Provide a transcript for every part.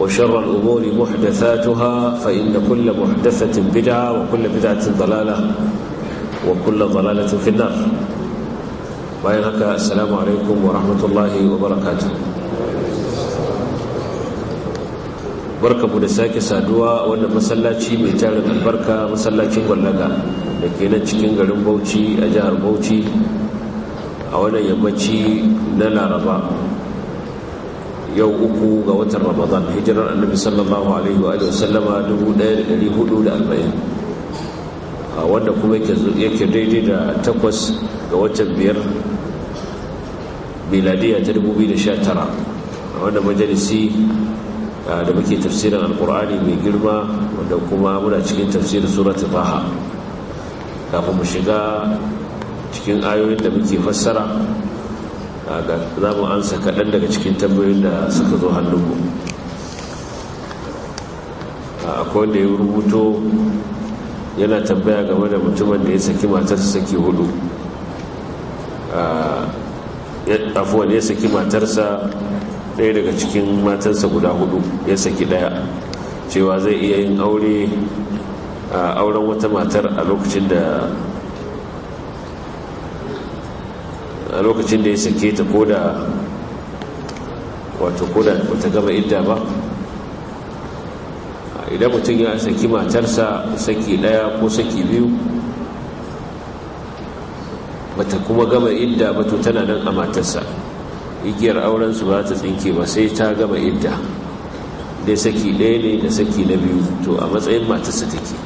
وشر الأمور محدثاتها فإن كل محدثة بدعة وكل بدعة ضلالة وكل ضلالة في النار وإنك السلام عليكم ورحمة الله وبركاته barka mu da sake saduwa wannan masallaci mai tarin albarka masallacin gwallaga da ke nan cikin garin bauci a jihar bauchi a wannan yammaci na laraba yau uku ga watan ramadan hijirar annabi sallallahu alaihi wa da arba'in, wanda kuma yake daidai da takwas ga watan biyar miladiya ta dubu biyu da sha tara. A wanda majalisi da muke tafsirin alkur'ani mai girma wanda kuma muna cikin tafsirin surat baha kafin mu shiga cikin ayoyin da muke fassara za mu ansa kaɗan daga cikin tambayoyin da suka zo hannunmu akwai da ya rubuto yana tambaya game da mutumin da ya saki matarsa saki hudu afuwan ya saki matarsa ɗaya daga cikin matarsa guda hudu ya saki ɗaya cewa zai iya yin aure a auren wata matar a lokacin da a lokacin da ya sake ta ko da wato ko da bata gama idda ba idan mutum ya saki matarsa saki daya ko saki biyu bata kuma gama idda ba to tana nan a matarsa igiyar aurensu ba ta tsinke ba sai ta gama idda dai saki daya ne da saki na biyu to a matsayin matarsa take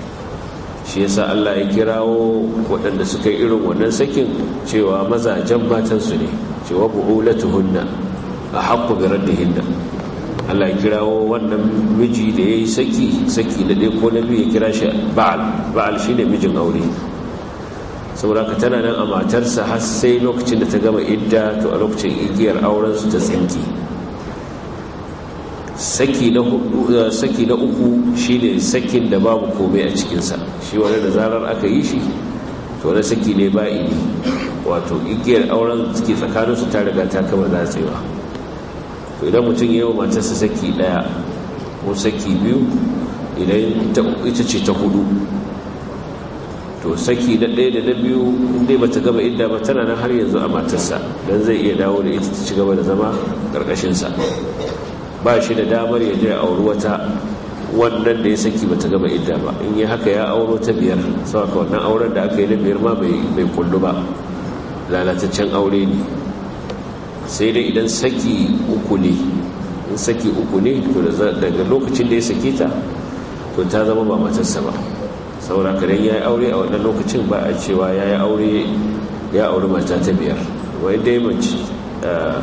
shi yasa Allah ya kirawo waɗanda suka yi irin wannan sakin cewa mazajen matansu ne cewa bu'ulatuhunna a haqqu bi hinna. Allah ya kirawo wannan miji da yayi saki saki da dai ko na biyu ya kira shi ba'al ba'al shine mijin aure saboda ka tana nan a matarsa har sai lokacin da ta gama idda to a lokacin igiyar auren su ta tsinki saki na eh, saki na uku shine sakin da babu komai a cikinsa shi wani da zarar aka yi shi to wani saki ne ba ini wato igiyar auren suke tsakaninsu ta riga ta kama zatsewa to idan mutum ya yi wa matarsa saki daya ko saki biyu idan ita ce ta hudu to saki na ɗaya da na biyu inda ba ta gaba inda ba tana nan har yanzu a matarsa don zai iya dawo da ita ta ci gaba da zama ƙarƙashinsa ba shi da damar ya je a wata wannan da ya saki bata gama idda ba in yi haka ya auro ta biyar saboda wannan auren da aka yi na biyar ma bai kullu ba lalataccen aure ne sai dai idan saki uku ne in saki uku ne to daga lokacin da ya saki ta to ta zama ba matarsa ba saboda karen ya yi aure a wannan lokacin ba a cewa ya yi aure ya auri mata ta biyar wai dai mace eh,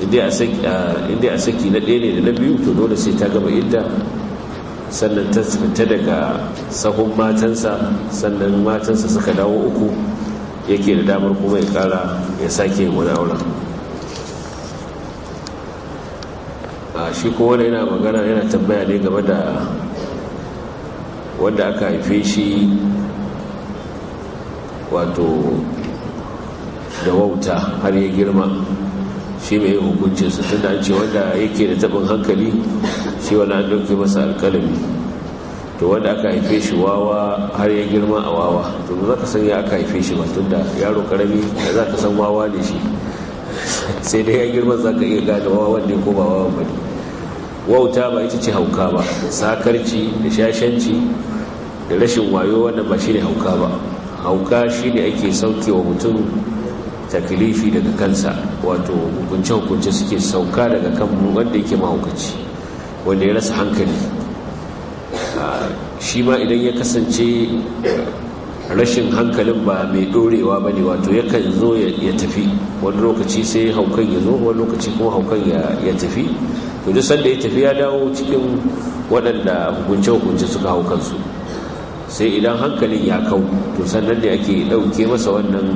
inda a saki na ɗaya ne da na biyu to dole sai ta gama idda sannan ta daga sahun matansa sannan matansa suka dawo uku yake da damar kuma ya kara ya sake wani auren a shi wani yana magana yana tambaya ne game da wanda aka haife shi wato da wauta har ya girma shi mai hukuncinsa tana ce wanda yake da tabin hankali shi wani an ɗauke masa alkalami to wanda aka haife shi wawa har ya girma a wawa to ba za ka san ya aka haife shi ba tunda yaro karami da za ka san wawa ne shi sai dai ya girma za ka iya gada wawa wanda ko ba wawan ba ne wauta ba ita ce hauka ba sakarci da shashanci da rashin wayo wannan ba shi ne hauka ba hauka shi ne ake sauke wa mutum taklifi daga kansa wato hukunce-hukunce suke sauka daga kan wanda yake mahaukaci wanda ya rasa hankali shi ma idan ya kasance rashin hankalin ba mai dorewa ba ne wato yakan zo ya tafi wani lokaci sai haukan ya zo wani lokaci kuma haukan ya tafi to duk sanda ya tafi ya dawo cikin waɗanda hukunce-hukunce suka haukansu sai idan hankalin ya kau to sannan da ake ɗauke masa wannan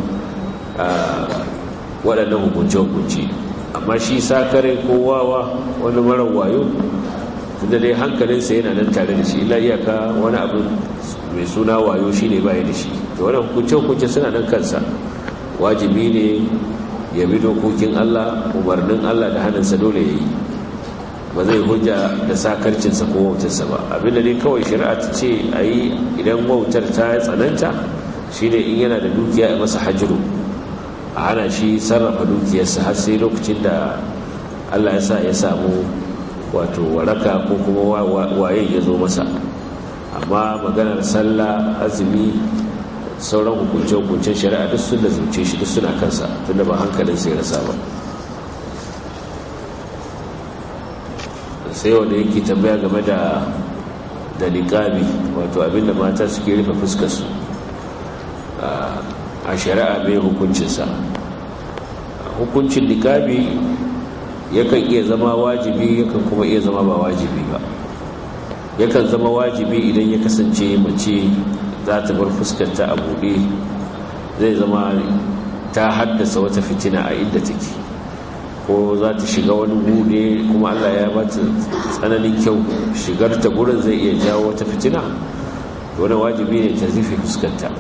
waɗannan hukunce-hukunce amma shi sakare ko wawa wani marar wayo tunda dai hankalinsa yana nan tare da shi ila iyaka wani abu mai suna wayo shi ne baya da shi da wani hukunce-hukunce suna nan kansa wajibi ne ya bi dokokin allah umarnin allah da hannunsa dole ya yi ba zai hujja da sakarcinsa ko wautarsa ba abinda dai kawai shari'a ta ce a yi idan wautar ta tsananta shi ne in yana da dukiya a masa hajjiru a hana shi sarrafa dukiyarsa har sai lokacin da allah ya sa ya samu wato waraka ko kuma waye ya zo masa amma maganar sallah azumi sauran hukunce hukunce shari'a duk sun zuce shi duk suna kansa tun da ba hankalin sai rasa ba sai wanda yake tambaya game da da liƙami wato abinda mata suke rufe fuskarsu ah, a shari'a mai hukuncinsa hukuncin ya yakan iya zama wajibi yakan kuma iya zama ba wajibi ba yakan zama wajibi idan ya kasance mace za ta bar fuskanta a buɗe zai zama ta haddasa wata fitina a inda take ko za ta shiga wani buɗe kuma allah ya bata tsananin kyau shigar ta gurin zai iya jawo wata fitina wani wajibi ne ta rufe fuskanta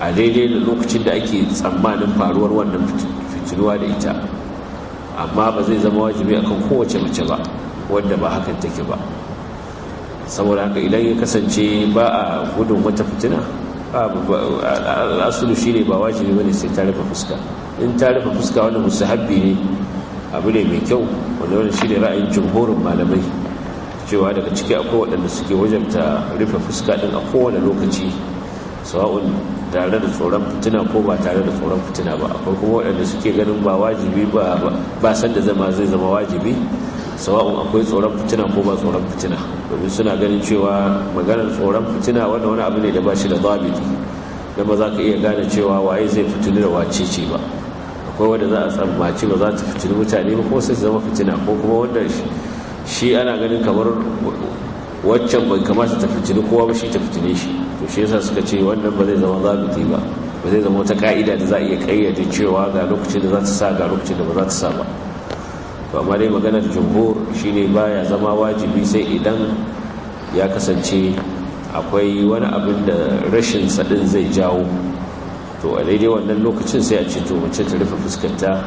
a daidai da lokacin da ake tsammanin faruwar wannan fitinuwa da ita amma ba zai zama wajibi akan kowace mace ba wanda ba hakan take ba saboda haka idan ya kasance ba a gudun wata fitina al'asulu shi ne ba wajibi wani sai ta rufe fuska in ta rufe fuska musu musahabbi ne abu ne mai kyau wanda wani shi ne ra'ayin jumhurin malamai cewa daga ciki akwai waɗanda suke wajenta rufe fuska ɗin a kowane lokaci sawa'un tare da tsoron fitina ko ba tare da tsoron fitina ba akwai kuma waɗanda suke ganin ba wajibi ba ba san da zama zai zama wajibi sawa'un akwai tsoron fitina ko ba tsoron fitina domin suna ganin cewa maganar tsoron fitina wanda wani abu ne da ba shi da zabiti don ba za ka iya gane cewa waye zai fitini da wace ce ba akwai wanda za a tsammaci ba za ta fitini mutane ba ko sai zama fitina ko kuma wanda shi ana ganin kamar waccan bai kamata ta fitini kowa ba shi ta fitine shi to shi yasa suka ce wannan ba zai zama zabiti ba ba zai zama wata ka'ida da za a iya kayyade cewa ga lokacin da za ta sa ga lokacin da ba za ta sa ba to amma dai maganar jumhur shine baya zama wajibi sai idan ya kasance akwai wani abin da rashin sadin zai jawo to a daidai wannan lokacin sai a ce to mace ta rufe fuskanta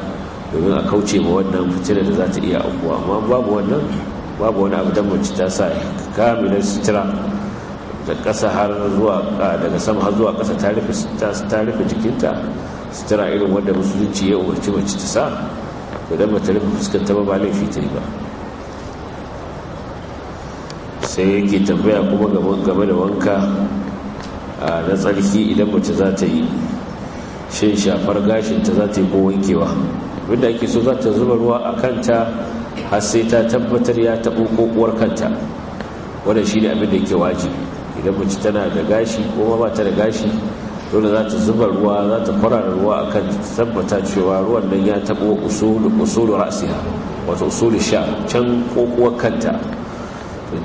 domin a kauce ma wannan fitilar da za ta iya abuwa amma babu wannan babu wani abu da mace ta sa kamilar sutura da ƙasa har zuwa daga sama har zuwa ƙasa ta rufe jikinta sutura irin wanda musulunci ya umarci mace ta sa to dan rufe fuskanta ba ba laifi ta yi ba sai yake tambaya kuma game da wanka na tsarki idan mace za ta yi shin shafar gashinta za ta yi ko wankewa wanda ake so za ta zuba ruwa a kanta har sai ta tabbatar ya taɓo kokowar kanta wadda shi ne abin da yake wajibi idan mace tana da gashi ko ba ta da gashi dole za ta zuba ruwa za ta kwarara ruwa a kan tabbata cewa ruwan nan ya taɓo usulu ra'siha wato usulu sha can ko kuwa kanta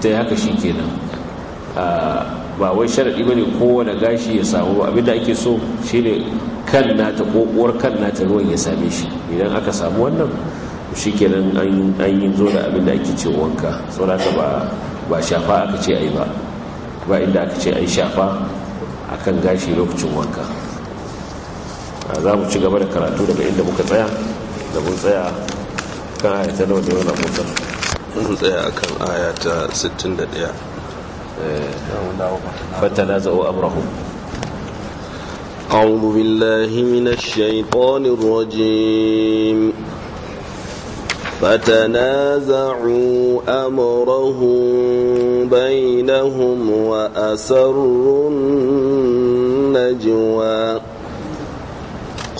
ta yi haka shi kenan ba wai sharaɗi ba ne kowane gashi ya samu ba abinda ake so shi ne kan nata ƙoƙuwar kan nata ruwan ya same shi idan aka samu wannan shi kenan an yi zo da abinda ake ce wanka saurata ba shafa aka ce a yi ba ba inda aka ce an shafa akan gashi lokacin wanka za mu ci gaba da karatu daga inda muka tsaya da mun tsaya kan ayata nawa da wani abokan mun tsaya akan ayata 61 za'o أمرهم أعوذ بالله من الشيطان الرجيم فتنازعوا أمرهم بينهم وأسروا النجوى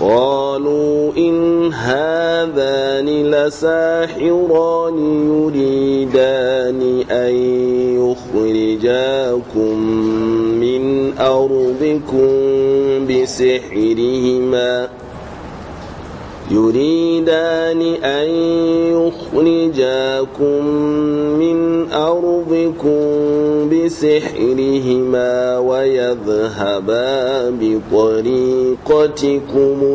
قالوا إن هذان لساحران يريدان أن يخرجاكم من أرضكم بسحرهما ۖ يريدان أن يخرجاكم من أرضكم بسحرهما ويذهبا بطريقتكم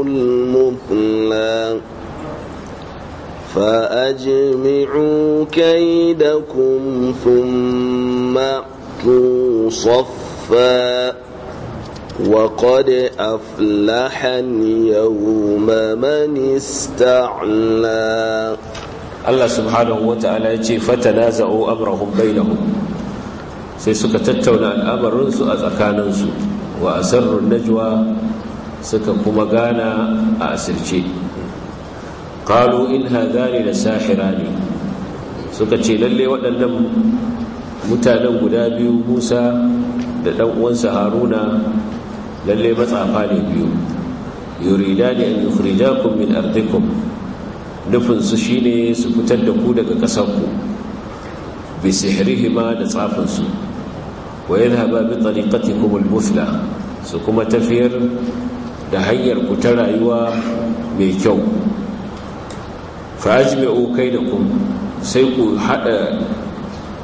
المثلى فأجمعوا كيدكم ثم أتوا صفاً وقد أفلح اليوم من استعلى الله سبحانه وتعالى يجي فتنازعوا أمرهم بينهم sai suka tattauna al'amarinsu a tsakaninsu wa asirrun suka kuma gana a asirce qalu in hadani la ne. suka ce lalle waɗannan mutanen guda biyu Musa da ɗan uwansa Haruna lalle matsafa ne biyu yurida ne an yukhrijakum min ardikum nufinsu shi shine su fitar da ku daga ƙasarku bi hima da tsafin su wa yadhhaba bi tariqatikum al su kuma tafiyar da hanyar ku ta rayuwa mai kyau fa da kaidakum sai ku hada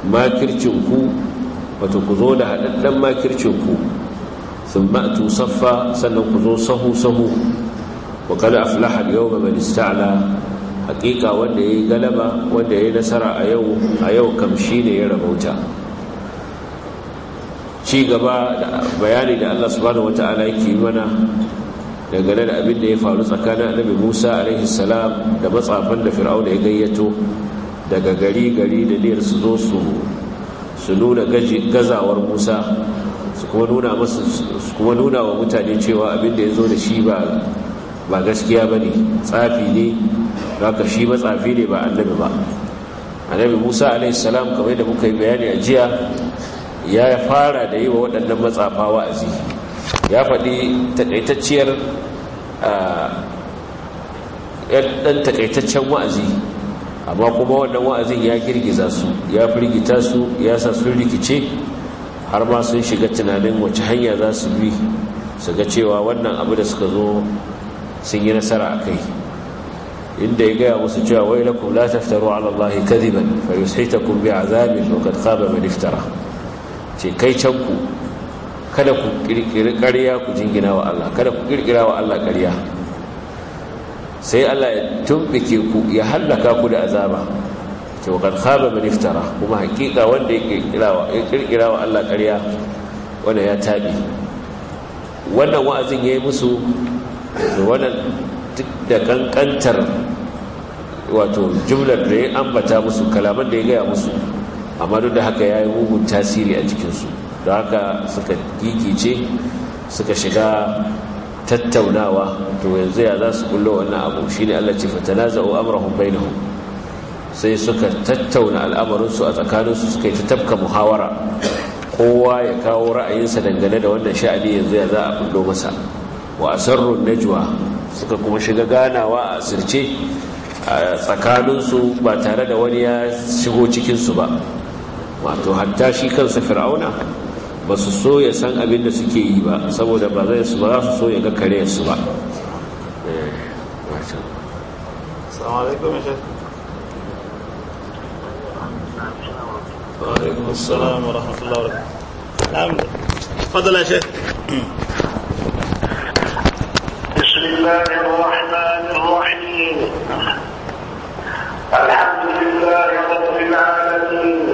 makircin ku ku zo da haɗaɗɗen makircin ku ثم أتوا صفا سنقضوا صهو صهو وقد أفلح اليوم من استعلى حقيقة وانده يقلب وانده ينسر أيو, أيو كمشين يرموتا ci gaba da bayani da Allah subhanahu wata'ala yake mana dangane da abin da ya faru tsakanin annabi Musa alaihi salam da matsafan da Fir'auna ya gayyato daga gari gari da niyyar su zo su nuna gazawar Musa kuma nuna wa mutane cewa abinda ya zo da shi ba gaskiya ba ne tsafi ne haka shi matsafi ne ba annabi ba annabi musa alaihissalam kamar yadda muka yi bayani a jiya ya fara da yi wa waɗannan matsafa wa'azi ya faɗi taƙaitacciyar ɗan taƙaitaccen wa'azi amma kuma wannan wa'azin ya girgiza su ya firgita su ya sa sun rikice har ma sun shiga tunanin wace hanya za su bi su ga cewa wannan abu da suka zo sun yi nasara a kai inda ya gaya musu cewa wai na kula taftaru ala allahi kadiban fa yushitakum bi a wa qad kaba mai liftara ce kai can ku kada ku kirkiri karya ku jingina wa Allah kada ku kirkira wa Allah karya sai Allah ya tumbike ku ya hallaka ku da azaba ce wa kan khaba iftara kuma hakika wanda ya kirkira wa Allah ƙarya wanda ya taɓi wannan wa'azin ya yi musu da wannan duk da kankantar wato jumlar da ya ambata musu kalaman da ya gaya musu amma duk da haka ya yi mugun tasiri a jikinsu da haka suka gigice suka shiga tattaunawa to yanzu ya za su kullo wannan abu shi ne allah ce na za'o amurahun hukun sai suka tattauna al'amarinsu a tsakaninsu suka yi ta tafka muhawara kowa ya kawo ra'ayinsa dangane da wannan sha'ani yanzu ya za a kullo masa wa asarrun najwa suka kuma shiga ganawa a sirce a tsakaninsu ba tare da wani ya shigo cikinsu ba wato hatta shi kansa fir'auna ba su so ya san abin da suke yi ba saboda ba za su so ya ga kare su ba eh, Assalamu alaikum وعليكم السلام ورحمة الله وبركاته نعم تفضل يا شيخ بسم الله الرحمن الرحيم الحمد لله رب العالمين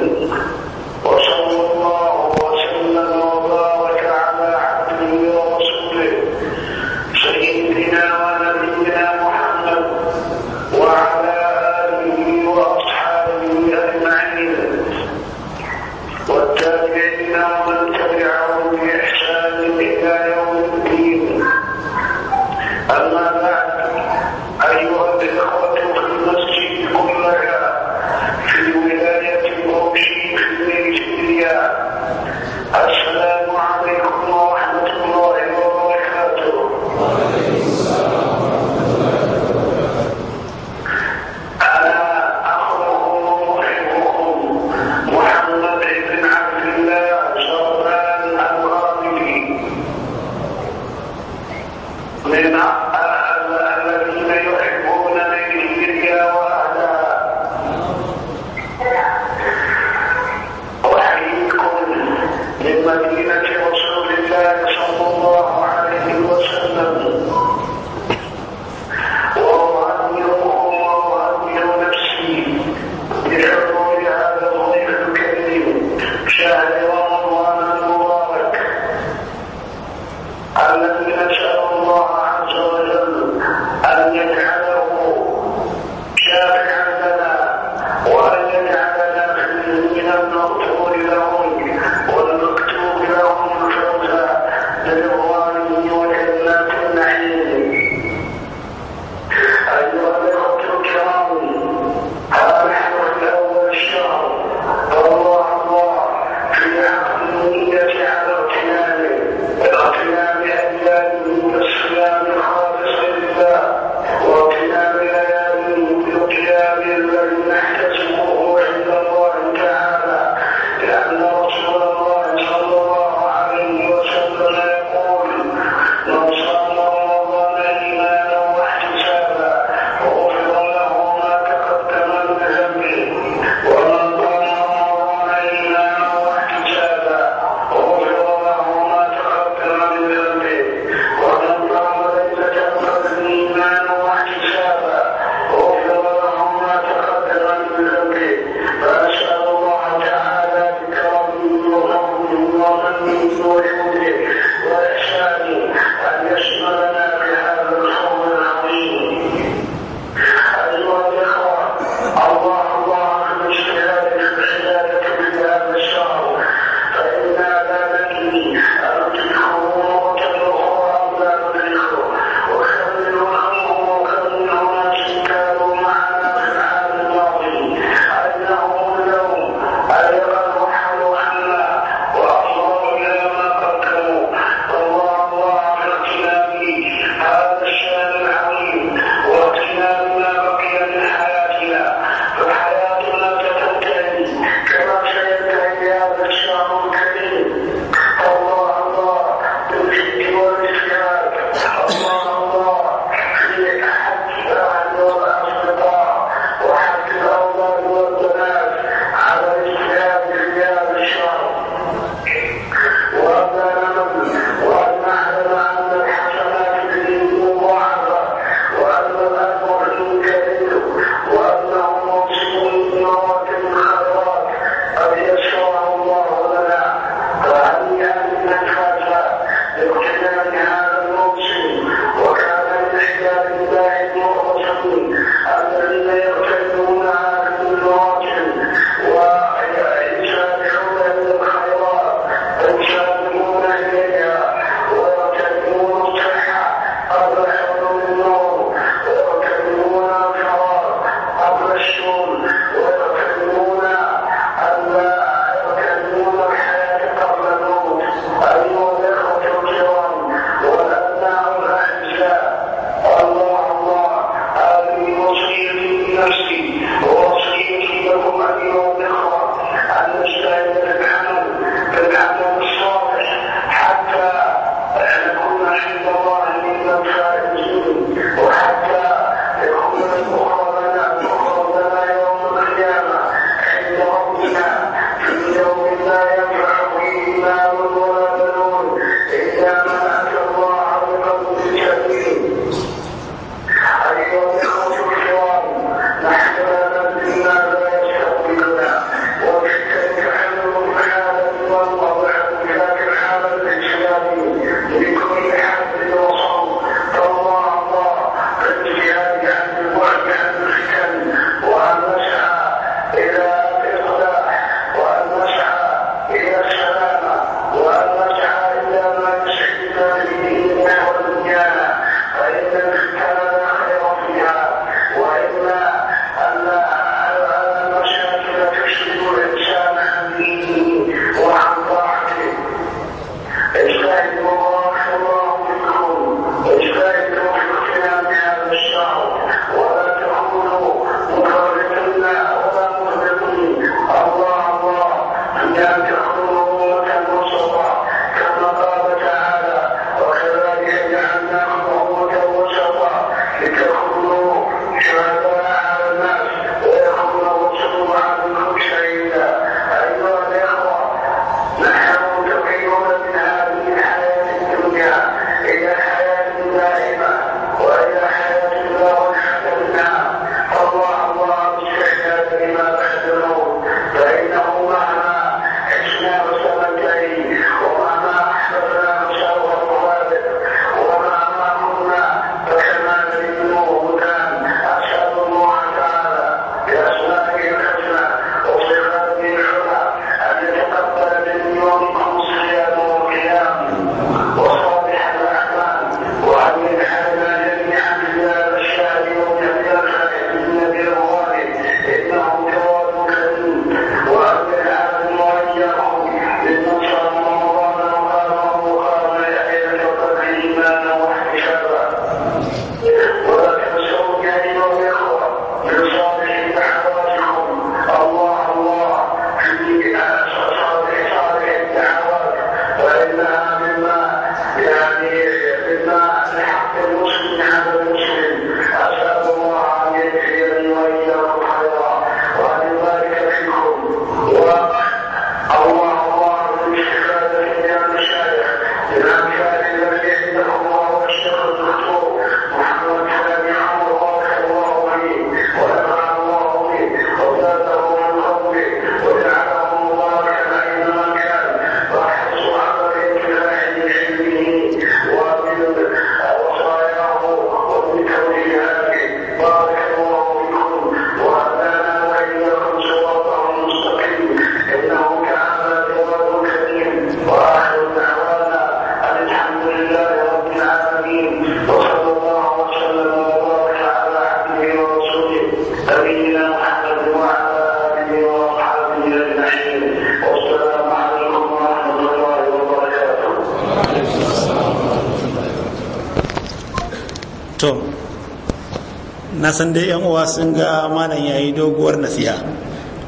san dai yan uwa sun ga malam yayi doguwar nasiha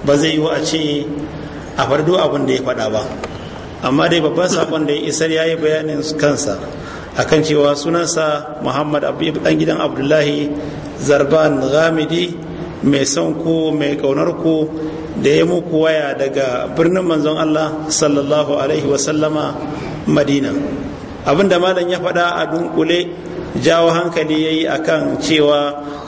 ba zai yiwu a ce a fardo abin da ya faɗa ba amma dai babban sakon da ya isar ya yi bayanin kansa akan cewa sunansa muhammad abu dan gidan abdullahi zarban ghamidi mai son ku mai kaunar ku da ya muku waya daga birnin manzon allah sallallahu alaihi wasallama madina abinda malam ya faɗa a dunkule jawo hankali ya yi akan cewa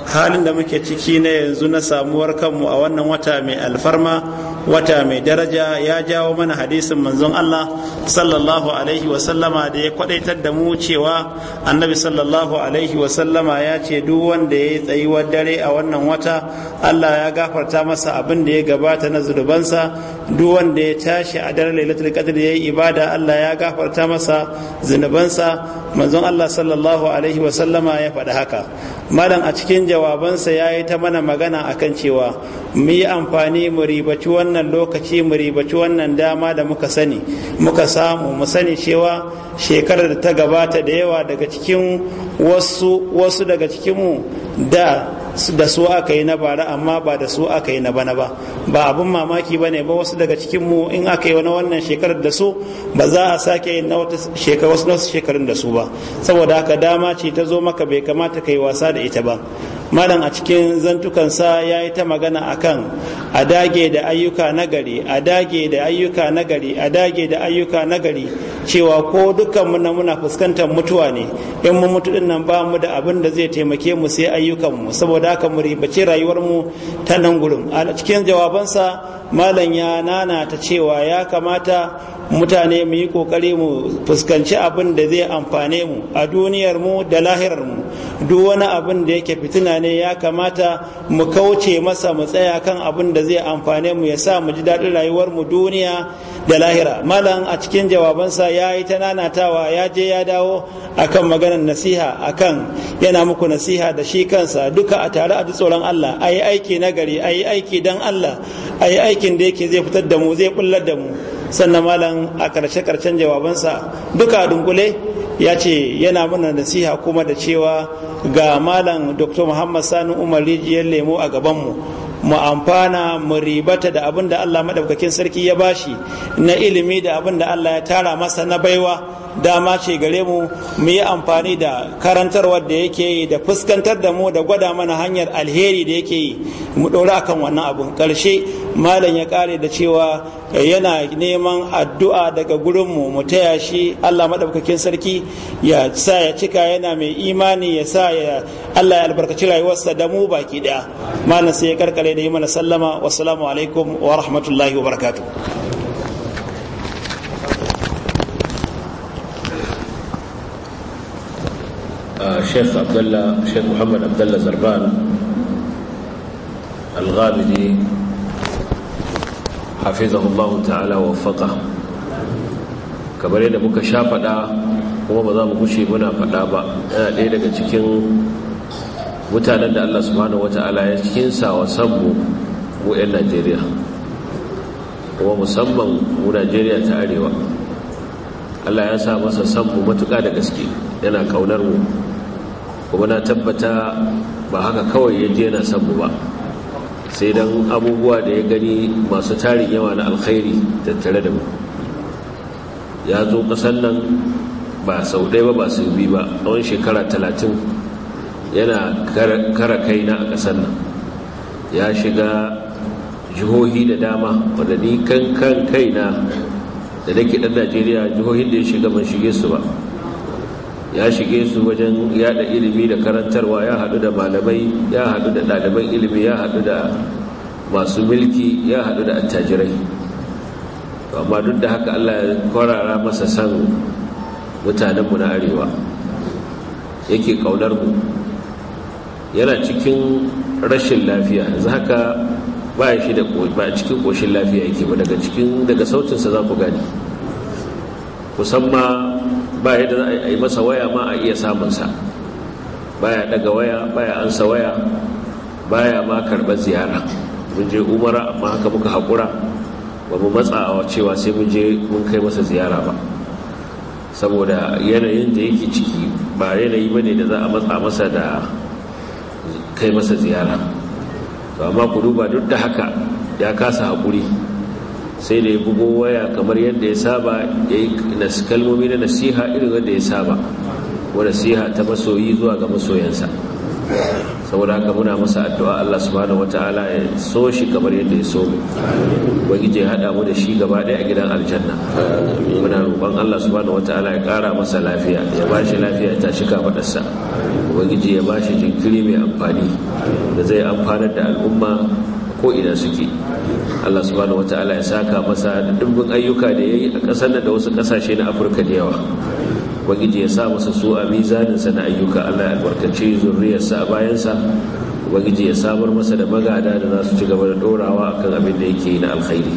halin da muke ciki na yanzu na samuwar kanmu a wannan wata mai alfarma wata mai daraja ya jawo mana hadisin manzon Allah sallallahu alaihi sallama da ya kwadaitar da mu cewa annabi sallallahu alaihi sallama ya ce duk wanda ya yi tsayuwar dare a wannan wata Allah ya gafarta masa abin da ya gabata na zunubansa duk wanda ya tashi a daren lailatul qadr ya ibada Allah ya gafarta masa zunubansa manzon Allah sallallahu alaihi sallama ya faɗi haka malam a cikin jawabansa ya yi ta mana magana akan cewa mu yi amfani mu ribaci wannan lokaci mu ribaci wannan dama da muka sani muka samu mu sani cewa shekarar da ta gabata da yawa daga cikin wasu wasu daga cikinmu da da su aka yi na bara amma ba da su aka yi na bana ba ba abun mamaki ba ne ba wasu daga cikin mu in aka yi wani wannan shekarar da su ba za a sake yin na wata shekarar wasu shekarun da su ba saboda haka dama ce ta zo maka bai kamata ka yi wasa da ita ba malam a cikin zantukansa ya yi ta magana akan a dage da ayyuka nagari a dage da ayyuka nagari a dage da ayyuka nagari cewa ko dukkan muna muna fuskantar mutuwa ne in mu mutu nan ba mu da abin da zai taimake mu sai ayyukan mu saboda haka mu ribace rayuwar mu ta nan gurin a cikin jawabansa malam ya nana ta cewa ya kamata mutane mu yi kokari mu fuskanci abin da zai amfane mu a duniyar mu da lahirar mu duk wani abin da yake fitina ne ya kamata mu kauce masa mu tsaya kan abin da zai amfane mu ya sa mu ji daɗin rayuwar mu duniya da lahira malam a cikin jawabansa ya yi ta nanatawa ya je ya dawo akan maganar nasiha akan yana muku nasiha da shi kansa duka a tare a ji tsoron Allah a yi aiki nagari a yi aiki dan Allah a yi aikin da yake zai fitar da mu zai bullar da mu sannan malam a karshe karshen jawabansa duka a dunkule ya ce yana mana nasiha kuma da cewa ga malam dr muhammad sani umar rijiyar lemo a gabanmu mu amfana mu ribata da abin da Allah madaukakin sarki ya bashi na ilimi da abin da Allah ya tara masa na baiwa dama ce gare mu mu yi amfani da karantarwar da yake yi da fuskantar da mu da gwada mana hanyar alheri da yake yi mu ɗora akan wannan abun ƙarshe malam ya ƙare da cewa yana neman addu'a daga gurinmu mu taya shi Allah maɗaukakin sarki ya sa ya cika yana mai imani ya sa ya Allah ya albarkaci rayuwarsa da mu baki ɗaya malam sai ya karkare da yi mana sallama wasu alaikum wa rahmatullahi wa barakatuh sheikh abdullah sheikh muhammad abdullah zarban al-ghamidi hafizahullahu ta'ala waffaqahu kamar yadda muka sha fada kuma ba za mu kushe muna fada ba yana ɗaya daga cikin mutanen da Allah subhanahu wata'ala ya cikin wa sanmu mu 'yan Najeriya kuma musamman mu Najeriya ta arewa Allah ya sa masa sanmu matuƙa da gaske yana ƙaunar mu kuma na tabbata ba haka kawai ya je samu ba sai don abubuwa da ya gani masu tarin yawa na alkhairi tattare da mu ya zo kasan nan ba sau ɗaya ba ba su bi ba tsawon shekara talatin yana kara na a kasan nan ya shiga jihohi da dama wadda ni kan kai na da nake ɗan najeriya jihohin da ya shiga ban shige su ba ya shige su wajen yada ilimi da karantarwa ya haɗu da malamai ya haɗu da ɗaliban ilimi ya haɗu da masu mulki ya haɗu da attajirai amma duk da haka Allah ya kwarara masa san mutanenmu na arewa yake mu yana cikin rashin lafiya yanzu haka ba shi da ba cikin koshin lafiya yake ba daga cikin daga sautinsa za ku gani musamman ba yadda za a yi masa waya ma a iya samun samunsa baya daga waya baya ansa waya baya ma karɓar ziyara mun je umara amma haka muka haƙura ba mu matsa a cewa sai mun je mun kai masa ziyara ba saboda yanayin da yake ciki ba yanayi ba da za a matsa masa da kai masa ziyara to amma ku duba duk da haka ya kasa haƙuri sai da ya bugo waya kamar yadda ya saba ya yi kalmomi na nasiha irin wanda ya saba wa nasiha ta masoyi zuwa ga masoyansa saboda haka muna masa addu'a Allah subhanahu wataala ya so shi kamar yadda ya so mu ya hada mu da shi gaba daya a gidan aljanna muna roƙon Allah subhanahu ala ya kara masa lafiya ya ba shi lafiya ta shi wani je ya ba shi jinkiri mai amfani da zai amfanar da al'umma ko ina suke Allah subhanahu wata'ala ya saka masa da dubbin ayyuka da ya yi a kasar da wasu kasashe na Afirka da yawa ubangiji ya sa masa su a mizanin sa na ayyuka Allah ya albarkace zuriyarsa bayan sa ubangiji ya samar masa da magada da za su ci gaba da dorawa akan abin da yake na alkhairi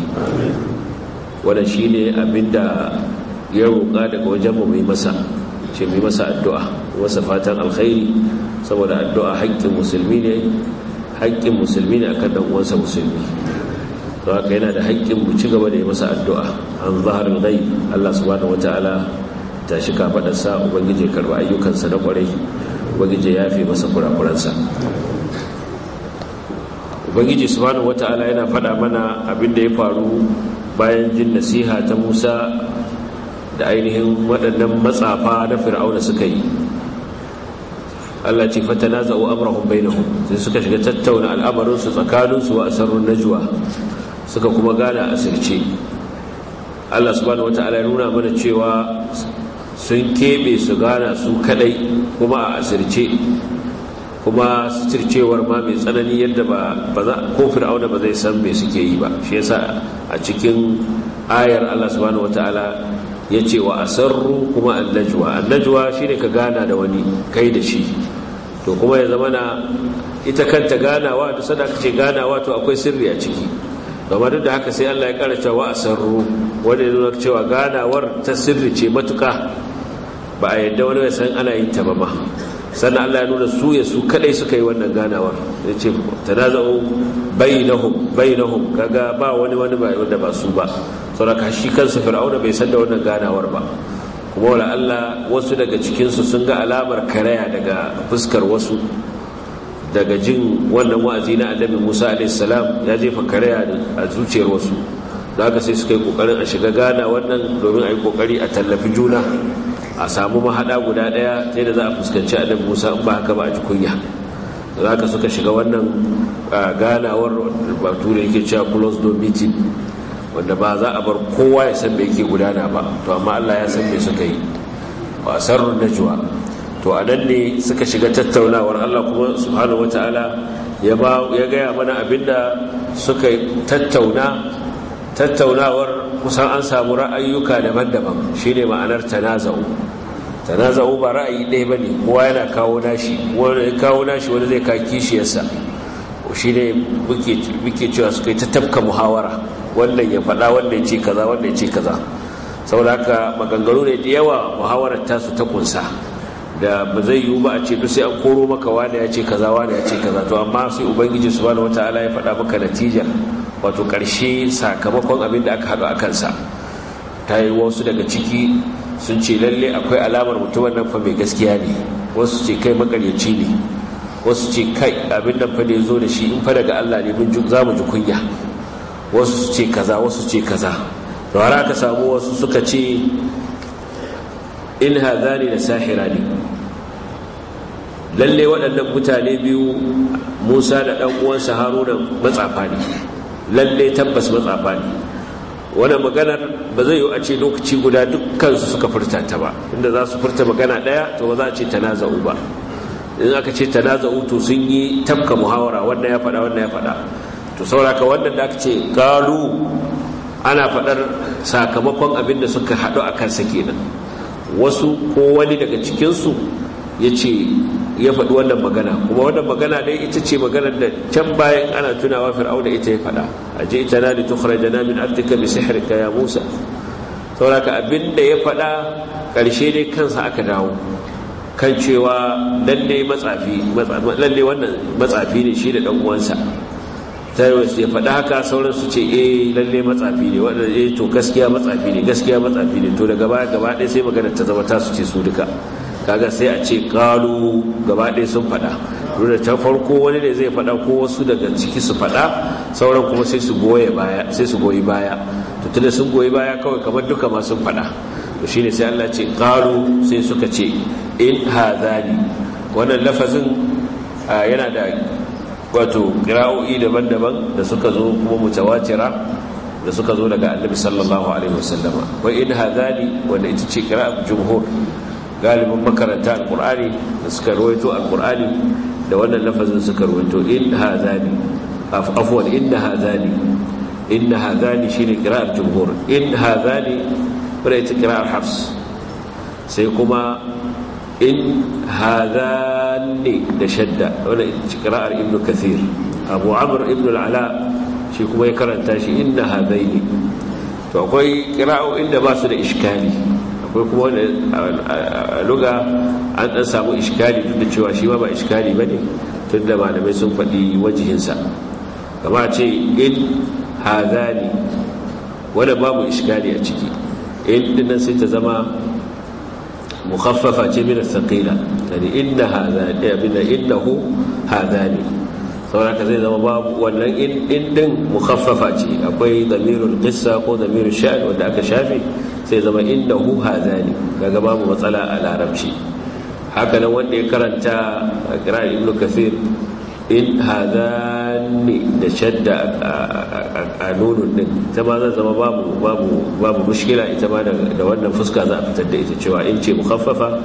wannan shine abin da ya roƙa daga wajen mu mai masa ce mai masa addu'a masa fatan alkhairi saboda addu'a haƙƙin musulmi ne haƙƙin musulmi ne akan ɗan uwansa musulmi to haka yana da haƙƙin mu ci gaba da yi masa addu'a an zaharin dai Allah subhanahu wataala ta shi sa ubangiji karba ayyukansa na kwarai ubangiji ya fi masa sa ubangiji subhanahu wataala yana faɗa mana abin da ya faru bayan jin nasiha ta Musa da ainihin waɗannan matsafa na fir'auna suka yi Allah ce fatanaza'u amrahum bainahum sai suka shiga tattauna al'amarin su tsakaninsu wa asarrun najwa suka kuma gana asirce Allah subhanahu wata'ala nuna mana cewa sun keɓe su gana su kadai kuma a asirce kuma sircewar ma mai tsanani yadda ba ko fir'auna ba zai san mai suke yi ba shi yasa a cikin ayar Allah subhanahu wata'ala ya ce wa asarru kuma annajwa shi shine ka gana da wani kai da shi to kuma ya zama na ita kanta ganawa da sadaka ce ganawa to akwai sirri a ciki gama duk da haka sai Allah ya kara wa a wanda ya nuna cewa ganawar ta sirri ce matuka ba a yadda wani mai san ana yin ta ba ma sannan Allah ya nuna su ya su kadai suka yi wannan ganawar ya ce ta na tanaza'u bainahum bainahum kaga ba wani wani ba wanda ba su ba ka shi kansa fir'auna bai san da wannan ganawar ba kuma wala Allah wasu daga cikinsu sun ga alamar karaya daga fuskar wasu daga jin wannan wa'azi na annabi musa salam ya jefa karaya a zuciyar wasu za ka sai suka yi kokarin a shiga gana wannan domin a yi kokari a tallafi juna a samu mahaɗa guda ɗaya sai da za a fuskanci annabi musa in ba haka ba a ji kunya za ka suka shiga wannan ganawar da yake cewa close door meeting wanda ba za a bar kowa ya san me yake gudana ba to amma allah ya san me suka yi wasarrun najwa to a nan ne suka shiga tattaunawar Allah kuma subhanahu wataala ya ya gaya mana abinda suka tattauna tattaunawar kusan an samu ra'ayyuka daban-daban shi ne ma'anar tanaza'u tanaza'u ba ra'ayi ɗaya ba ne kowa yana kawo nashi wani kawo nashi wani zai ka kishiyarsa shi ne muke cewa suka yi ta tafka muhawara wannan ya faɗa wannan ce kaza wannan ce kaza saboda haka maganganu ne da yawa muhawarar tasu ta kunsa da ba zai yiwu ba a ce sai an koro maka wani ya ce kaza wani ya ce kaza to amma sai ubangiji su subhanahu wataala ya faɗa maka natija wato ƙarshe sakamakon abin da aka haɗu a kansa ta yi wasu daga ciki sun ce lalle akwai alamar mutumin nan fa mai gaskiya ne wasu ce kai makaryaci ne wasu ce kai abin nan fa ne zo da shi in fa daga Allah ne mun za mu ji kunya wasu ce kaza wasu ce kaza da aka samu wasu suka ce in da sahira ne. lalle waɗannan mutane biyu Musa da ɗan'uwansa Haruna matsafa ne lalle tabbas matsafa ne Wani maganar ba zai yi a ce lokaci guda dukkansu suka furta ta ba inda za su furta magana ɗaya to ba za a ce tanaza'u ba in aka ce tanaza'u to sun yi tafka muhawara wannan ya faɗa wannan ya faɗa to sauraka wannan da aka ce galu ana faɗar sakamakon abin da suka haɗu a kansa kenan wasu ko wani daga cikinsu ya ce ya faɗi wannan magana kuma wannan magana dai ita ce maganar da can bayan ana tunawa da ita ya faɗa a je ita na na min ardika bi sihirka ya musa sauraka da ya faɗa ƙarshe dai kansa aka dawo kan cewa lalle matsafi wannan matsafi ne shi da ɗan uwansa tarwis ya faɗa haka sauran su ce eh lalle matsafi ne waɗanda eh to gaskiya matsafi ne gaskiya matsafi ne to da gaba gaba ɗaya sai magana ta zama ta su ce su duka kaga sai a ce ƙalu gaba ɗaya sun faɗa da ta farko wani ne zai faɗa ko wasu daga ciki su faɗa sauran kuma sai su goye baya sai su goyi baya to tunda sun goyi baya kawai kamar duka ma sun faɗa to shine sai Allah ce ƙalu sai suka ce in hadani wannan lafazin yana da wato qira'o'i daban-daban da suka zo kuma mutawatira da suka zo daga annabi sallallahu alaihi wasallama wa in hadali wanda ita ce qira'at jumhur galibin makaranta alqur'ani da suka rawaito alqur'ani da wannan lafazin suka rawaito in hadali afwan in hadali in hadali shine qira'at jumhur in hadali wanda ita qira'ar hafs sai kuma in hadali ne da shadda wanda ita ce qira'ar ibn kathir abu ibn ala shi kuma ya karanta shi inna ne to akwai qira'o inda ba su da iskali akwai kuma wani a an dan samu iskali duk da cewa shi ma ba iskali bane da malamai sun faɗi wajihinsa kama ce in hadani wanda babu iskali a ciki in dinnan sai ta zama mukhaffafa ce min thaqila yani inna hadha eh, abinda innahu hadani saboda zai zama babu wannan in din mukhaffafa ce akwai damirul qissa ko damirul sha'n wanda aka shafe sai zama innahu hadani kaga babu matsala a larabci haka nan wanda ya karanta a kira ibnu kasir in hadani da shadda a nunun din ita ma zan zama babu mushkila ita ma da wannan fuska za a fitar da ita cewa in ce mukhaffafa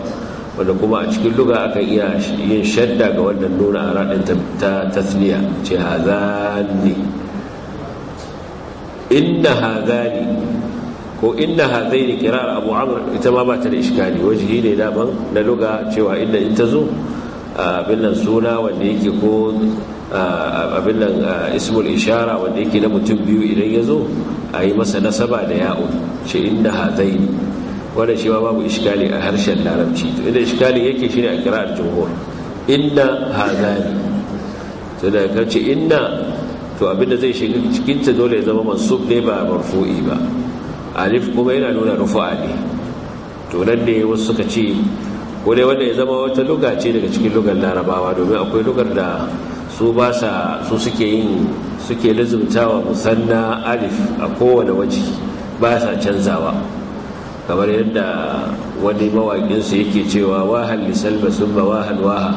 wanda kuma a cikin luga aka iya yin shadda ga wannan nuna a raɗin ta tasniya ce hazani inna hazani ko inna ne kirar abu amur ita ma ba ta da iskali wajihi ne daban na luga cewa inda in ta zo abin nan suna wanda yake ko abin nan ismul ishara wanda yake na mutum biyu idan ya zo a yi masa nasaba da yau ce inda hazai ne wadda shi ma babu iskali a harshen larabci to inda iskali yake shi ne a kira'ar jumhur inna hazani to da ka ce inda to abinda zai shiga cikinta dole ya zama mansub ne ba marfu'i ba alif kuma yana nuna rufu'a ne to nan ne wasu suka ce ko dai wanda ya zama wata luga ce daga cikin lugar larabawa domin akwai lugar da su ba sa su suke yin suke lizumtawa musanna alif a kowane waje ba sa canzawa kamar yadda wani mawaƙinsu yake cewa wahal lisalba sun ba wahal waha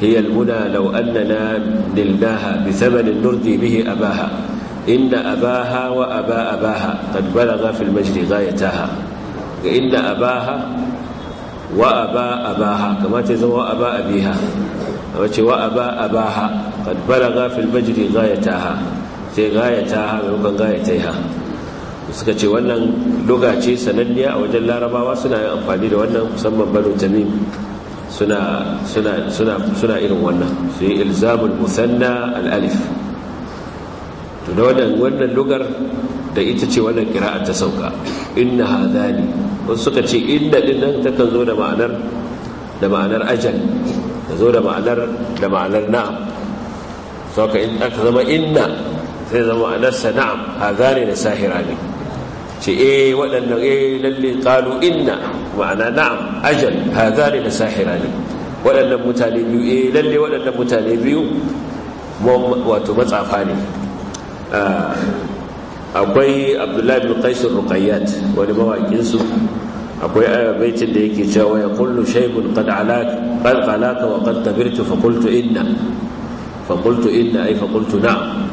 هي المنى لو أننا نلناها بثمن نرضي به أباها إن أباها وأبا أباها قد بلغ في المجد غايتها إن أباها wa aba abaha kamata ya zama wa aba abiha wace wa aba abaha qad balagha fil majri ghayataha sai ghayataha maimakon ghayataiha suka ce wannan doga sananniya a wajen larabawa suna yin amfani da wannan musamman banu tamim suna suna suna suna irin wannan su yi ilzamul musanna al'alif. alif to da wannan wannan dogar da ita ce wannan qira'a ta sauka inna hadani wasu suka ce inda din nan ta kan zo da ma'anar da ma'anar ajal ta zo da ma'anar da ma'anar na'am so ka in aka zama inna sai zama ma'anar sa na'am hazari da sahira ne ce eh waɗannan eh lalle qalu inna ma'ana na'am ajal hazari da sahira ne waɗannan mutane biyu eh lalle waɗannan mutane biyu wato matsafa ne ah, akwai abdullahi bin qais ruqayyat wani mawakin su akwai ayabaicin da yake cewa ya kullu shaibun qad alaka wa qad tabirtu fa qultu inna fa qultu inna ai fa qultu na?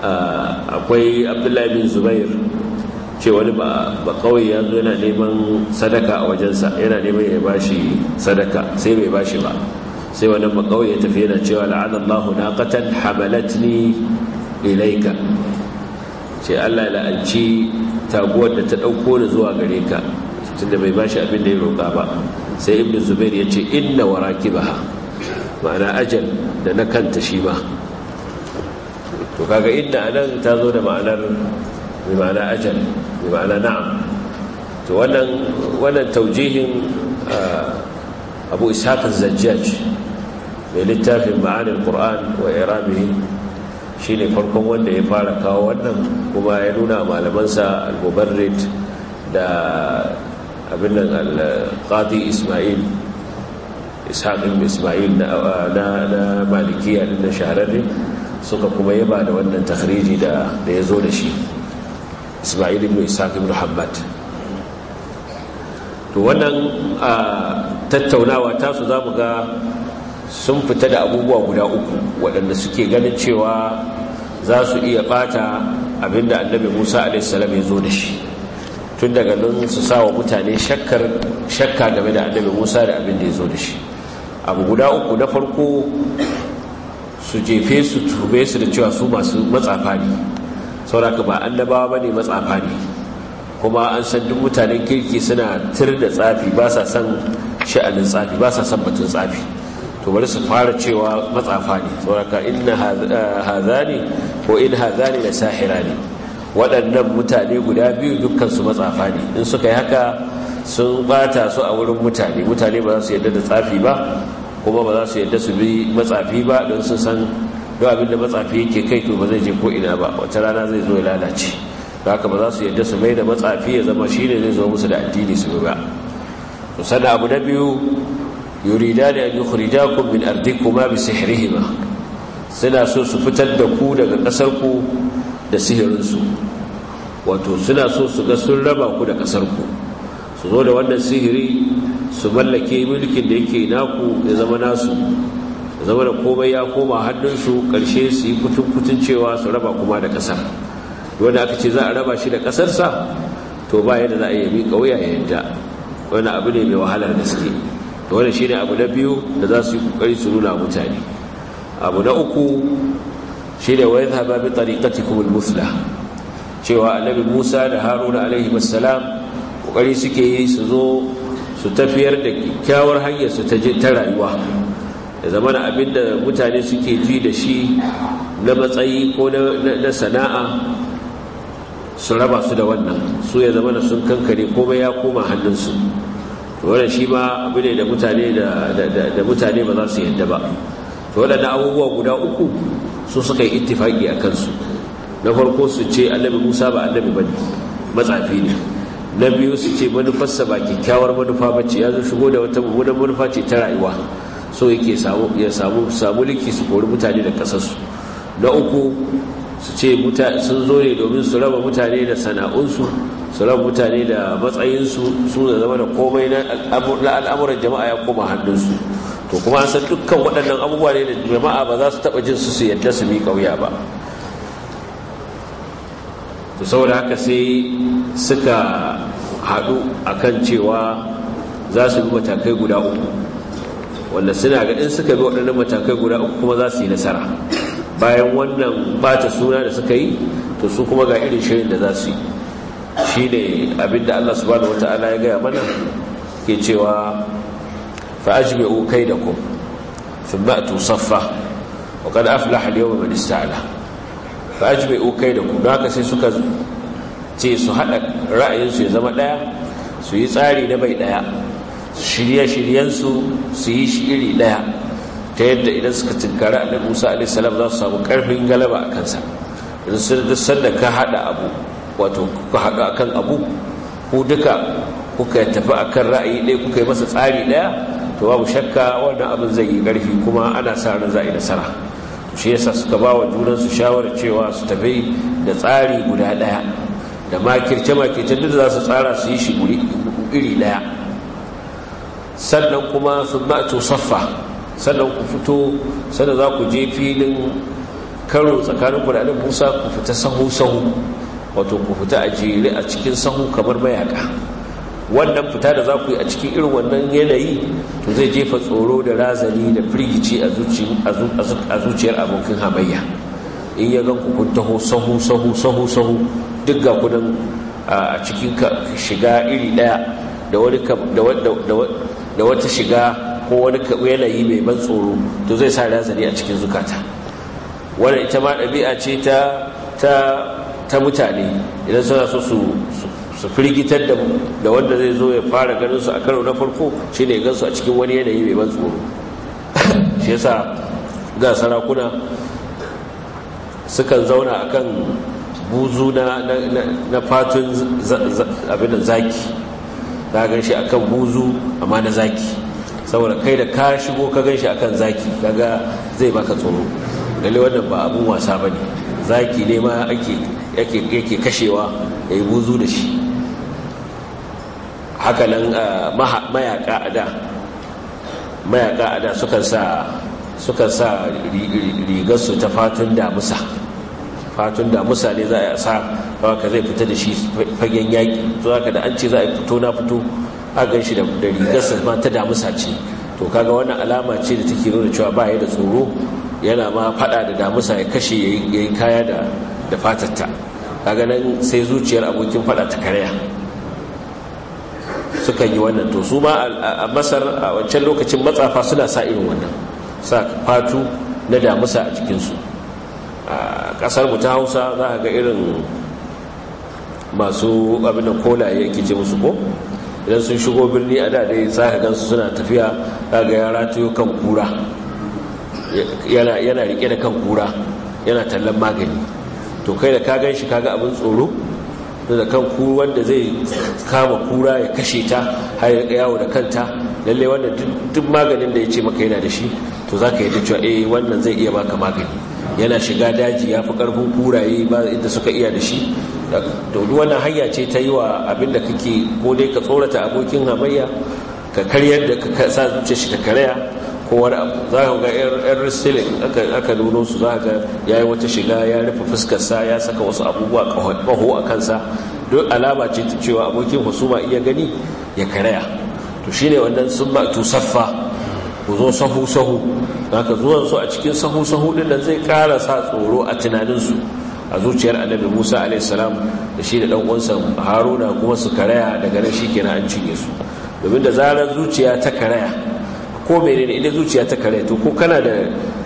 Ah, akwai abdullahi bin zubair ce wani ba kawai ya zo yana neman sadaka a wajensa yana neman ya bashi sadaka sai bai bashi ba sai wani ba kawai ya tafi yana cewa la'ana Allahu naqatan hamalatni ilaika ce Allah la'anci taguwar da ta ɗauko ni zuwa gare ka tunda bai bashi abin da ya roƙa ba sai ibn zubair ya ce inna wa ma'ana ajal da na kanta shi ma to kaga inna anan ta zo da ma'anar bi ma'ana ajal bi ma'ana na'am to wannan wannan taujihin ah, abu ishaq az-zajjaj mai littafin ma'anin qur'an wa irabihi shine farkon wanda ya fara kawo wannan kuma ya nuna malamansa al-mubarrid da abin nan al-qadi isma'il ishaq ibn isma'il na na malikiya da shahararre suka kuma yaba da wannan takhriji da da yazo da shi isma'il ibn ishaq ibn to wannan tattaunawa tasu zamu ga sun fita da abubuwa guda uku waɗanda suke ganin cewa za su iya ɓata abinda annabi musa alaihi ya zo da shi tun daga nan su sa wa mutane shakka game da annabi musa da abin da ya zo da shi abu guda uku na farko su jefe su tube su da cewa su masu matsafa ne sauraka ba annabawa ba ne matsafa ne kuma an san duk mutanen kirki suna tir da tsafi ba sa san sha'anin tsafi ba sa san batun tsafi to bari su fara cewa matsafa ne sauraka inna eh, hazani ko in hazani na sahira ne waɗannan mutane guda biyu dukkansu matsafa ne in suka yi haka sun bata su a wurin mutane mutane ba za su yadda da tsafi ba kuma ba za su yadda su bi matsafi ba don sun san abin da matsafi yake kai to ba zai je ko'ina ba wata rana zai zo ya lalace ba haka ba za su yadda su mai da matsafi ya zama shi ne zai zo musu da addini su ba sannan abu na biyu yurida da yanzu hurida kun bin ardi kuma bi sihirihima suna so su fitar da ku daga ku. da su wato suna so su ga sun raba ku da ƙasarku su zo da wannan sihiri su mallake mulkin da yake naku ya zama nasu ya zama da komai ya koma hannunsu ƙarshe su yi kutun-kutun cewa su raba kuma da ƙasar wanda aka ce za a raba shi da ƙasarsa to ba yadda za a yi miƙa wuya yadda wani abu ne mai wahalar gaske wani shi ne abu na biyu da za su yi ƙoƙari su nuna mutane abu na uku shi ne wa yadhhaba bi tariqatikum al-muthla cewa annabi Musa da Haruna alaihi wassalam kokari suke yi su zo su tafiyar da kyakkyawar hanyar su ta ta rayuwa da zaman abinda mutane suke ji da shi na matsayi ko na sana'a su raba su da wannan su ya zamana sun kankare komai ya koma hannunsu wannan shi ma abu ne da mutane ba za su yadda ba to waɗanda abubuwa guda uku su suka yi ittifaki a kansu na farko su ce annabi musa ba annabi ba matsafi ne na biyu su ce manufarsa ba kyakkyawar manufa ba ce ya zo shigo da wata mummunan manufa ce ta rayuwa so yake ya samu liki su kori mutane da kasarsu na uku su ce sun zo ne domin su raba mutane da sana'unsu su raba mutane da matsayinsu su zama da komai na al'amuran jama'a ya koma hannunsu to kuma an san dukkan waɗannan abubuwa ne da jama'a ba za su taɓa jin su su yadda su miƙa wuya ba to saboda haka sai suka haɗu a kan cewa za su bi matakai guda uku wanda suna ga in suka bi waɗannan matakai guda uku kuma za su yi nasara bayan wannan bata suna da suka yi to su kuma ga irin shirin da za su yi shi ne abinda allah subhanahu wa ta'ala ya gaya mana ke cewa fa ajmi'u kaidakum thumma atu saffa wa qad aflaha al-yawma man ista'la fa ajmi'u kaidakum haka sai suka ce su hada ra'ayinsu ya zama ɗaya su yi tsari na bai daya shirye-shiryensu su yi shi iri daya ta yadda idan suka tinkari annabi Musa alaihi salam za su samu karfin galaba a kansa idan sun ka hada abu wato kuka abu ku duka kuka tafi akan ra'ayi ɗaya kuka yi masa tsari ɗaya to babu shakka wannan abin zai yi ƙarfi kuma ana sa ran za a yi nasara shi yasa suka ba wa junansu shawara cewa su tafi da tsari guda ɗaya da makirce-makirce duk za su tsara su yi shi iri daya sannan kuma sun to saffa sannan ku fito sannan za ku je filin karo tsakanin ku da musa ku fita sahu-sahu wato ku fita a jere a cikin sahu kamar mayaka wannan fita da za ku yi a cikin irin wannan yanayi to zai jefa tsoro da razani da firgici a zuciyar abokin hamayya in ya gan ku kun taho sahu sahu sahu sahu duk ga kudin a cikin shiga iri daya da wata shiga ko wani yanayi mai ban tsoro to zai sa razani a cikin zukata wadda ita ma ɗabi'a ce ta mutane idan suna so su su firgitar da wanda zai zo ya fara ganin su a karo na farko shi ne gansu a cikin wani yanayi mai ban tsoro shi yasa ga sarakuna sukan zauna akan buzu na fatun abin zaki za gan shi akan buzu amma na zaki saboda kai da ka shigo ka gan shi akan zaki daga zai baka tsoro lalle wannan ba abun wasa ba ne zaki ne ma ake kashewa ya yi buzu da shi nan ah, mayaka a da mayaka a da suka sa suka sa rigarsu ta fatun damusa fatun damusa ne za a sa ka zai fita da shi fagen yaƙi to haka da an ce za a fito na fito a gan shi da rigarsu ma ta damusa ce to kaga wannan alama ce da take nuna cewa ba ya da tsoro yana ma fada da damusa ya kashe ya yi kaya da fatatta kaga nan sai zuciyar abokin fada ta karya suka yi wannan to su ma a masar a wancan lokacin matsafa suna sa irin wannan sa fatu na damusa a cikinsu a ƙasar mu ta hausa za a ga irin masu abin da kolaye ke ce musu ko idan sun shigo birni a da dai za ka gansu suna tafiya za ga yara tuyo kan kura yana rike da kan kura yana tallan magani to kai da ka gan shi kaga abin tsoro da kan ku wanda zai kama kura ya kashe ta har ya yawo da kanta lalle wanda duk maganin da ya ce maka yana da shi to za ka yi cewa eh wannan zai iya baka magani yana shiga daji ya fi karfin kuraye ba inda suka iya da shi to duk wannan hanya ce ta yi wa abin da kake ko dai ka tsorata abokin hamayya ka karyar da ka sa zuciya shi ta karaya ko wani abu za ka ga yan wrestling aka nuno su za ka ya yi wata shiga ya rufe fuskarsa ya saka wasu abubuwa ƙaho a kansa don alama ce ta cewa abokin husuma iya gani ya karaya to shine wannan sun ba tu saffa ku zo sahu sahu za zuwan su a cikin sahu sahu din nan zai ƙara sa tsoro a tunaninsu. a zuciyar annabi Musa alaihi salam da shi da dan uwansa Haruna kuma su karaya daga nan shikenan an cinye su domin da zarar zuciya ta karaya ko menene idan zuciya ta karaya to ko kana da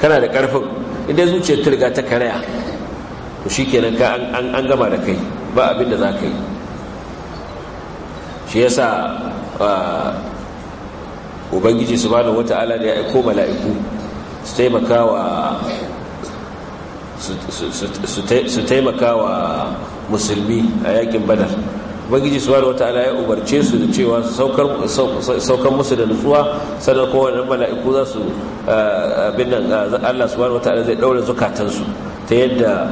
kana da karfin idan zuciya ta riga ta karaya to shikenan ka an an gama da kai ba abin da za yi shi yasa ubangiji subhanahu wata'ala da ya aiko mala'iku su taimaka wa su taimaka wa musulmi a yakin badar ubangiji wani wataala ya umarce su da cewa saukar musu da nutsuwa sannan kuma wannan mala'iku za su eh, abin nan eh, Allah wata wataala zai daura zukatansu ta yadda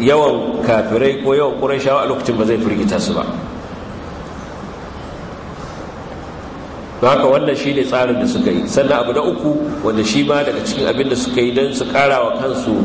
yawan kafirai ko yawan shawa a lokacin ba zai firgita su ba ba haka wannan shi ne tsarin da suka yi sannan abu na uku wanda shi ma daga cikin abin da suka yi don su kara wa kansu